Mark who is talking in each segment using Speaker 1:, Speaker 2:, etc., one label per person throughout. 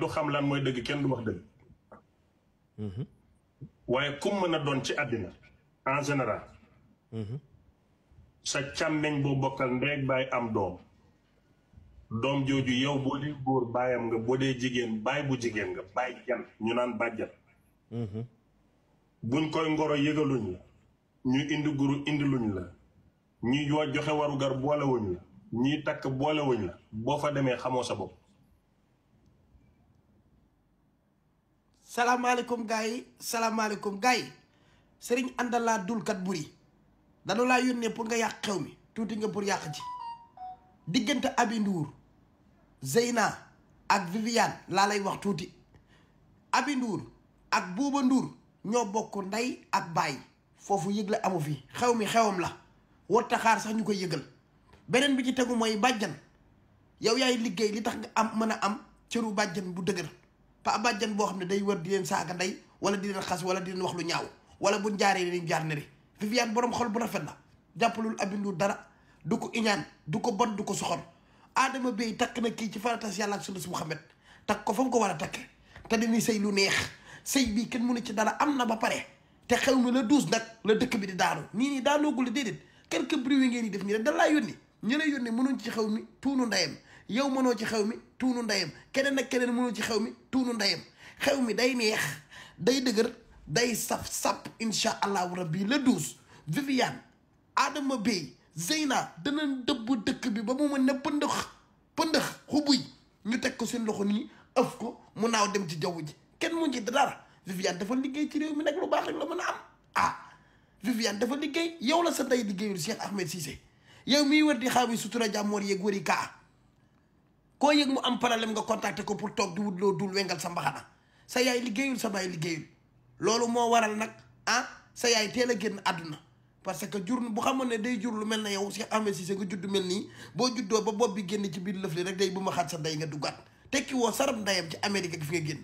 Speaker 1: du xam lan mooy dëgg kenn du wax dëgg mhm. waaye kum mën a doon ci àddina en général mhm. sa càmmeñ boo bokkal ndeeg baay am doom doom jooju yow boo dee góor baayam nga boo dee jigéen baay bu jigéen nga baay jan ñu naan bàjjal mhm. buñ koy ngoro yëgaluñ la ñu indi guru indi luñ la ñuy yoo joxe warugar boolewuñ la ñuy takk boolewuñ la boo fa demee xamoo sa bopp
Speaker 2: salaamaaleykum gars yi salaamaaleykum gars yi sëriñ àndalaa dulkat buri danu laa yónnee pour nga yàq xew mi tuuti nga pour yàq ji diggante Aby Ndour Zeyna ak Viviane laa lay wax tuuti Aby ak Bouba Ndour ñoo bokk ndey ak baay foofu yëgle amu fi xew mi xewam la war taxaar sax ñu koy yëgal beneen bi ci tegu mooy bàjjan yow yaay liggéey li tax nga am mën a am cëru bàjjan bu dëgër pa bàjjan boo xam ne day war di leen saaga ndey wala di leen xas wala di leen wax lu ñaaw wala buñ jaaree dañuy jaar neri Viviane borom xol bu rafet la jàppalul abindu dara du ko iñaan du ko bon du ko soxor Adama Bey takk na kii ci faratas yàlla ak si Muhammad takk ko fa ko war a takke te dañuy sëy lu neex sëy bii kenn mënu ci dara am na ba pare te xew mi la douze nag la dëkk bi di daanu nii nii daanoogul déedéet quelque bruit ngeen di def nii rek dan laa yónni ñi lay yónni mënuñ ci xew mi tuunu ndeyam yow mënoo ci xew mi tuunu ndeyam keneen ak keneen mënoo ci xew mi tuunu ndeyam xew mi day neex day dëgër day saf sap incha allahu rabbi le douze Viviane Adama Bey Zeyna danañ dëbb dëkk bi ba mu mën ne pëndëx pëndëx xubuy ñu teg ko seen loxo nii ëf ko mu naaw dem ci jaw ji kenn mu ci dara Viviane dafa liggéey ci réew mi nag lu baax rek la mën a am ah Viviane dafa liggéey yow la sa ndey liggéeyul Cheikh Ahmed Cissé yow mii wër di xaawi sutura jàmmoor yeeg wëri kaa koo yëg mu am problème nga contacter ko pour toog di wut loo dul wengal sa mbaxana sa yaay liggéeyul sa baay liggéeyul loolu moo waral nag ah sa yaay teel a génn àdduna parce que jur bu xamoon ne day jur lu mel na yow si amee si sa nga mel nii boo juddoo ba bopp bi génn ci biir lëf li rek day bu ma sa day nga duggaat tekki woo sarab ndayam ci Amérique gi fi nga génn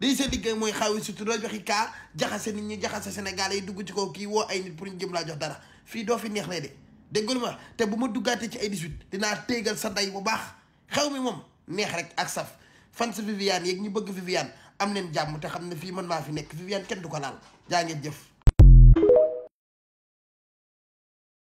Speaker 2: lii sa liggéey mooy xaawi surtout doo joxi kaa jaxase nit ñi jaxase Sénégal yi dugg ci kaw kii woo ay nit pour ñu jëm laa jox dara fii doo fi neex lay de déggul ma te bu ma duggaatee ci ay dinaa téegal sa day bu baax xew mi moom neex rek ak saf fan fans Viviane yeeg ñu bëgg Viviane am leen jàmm te xam ne fii man maa fi nekk Viviane kenn du ko laal jaa ngeen jëf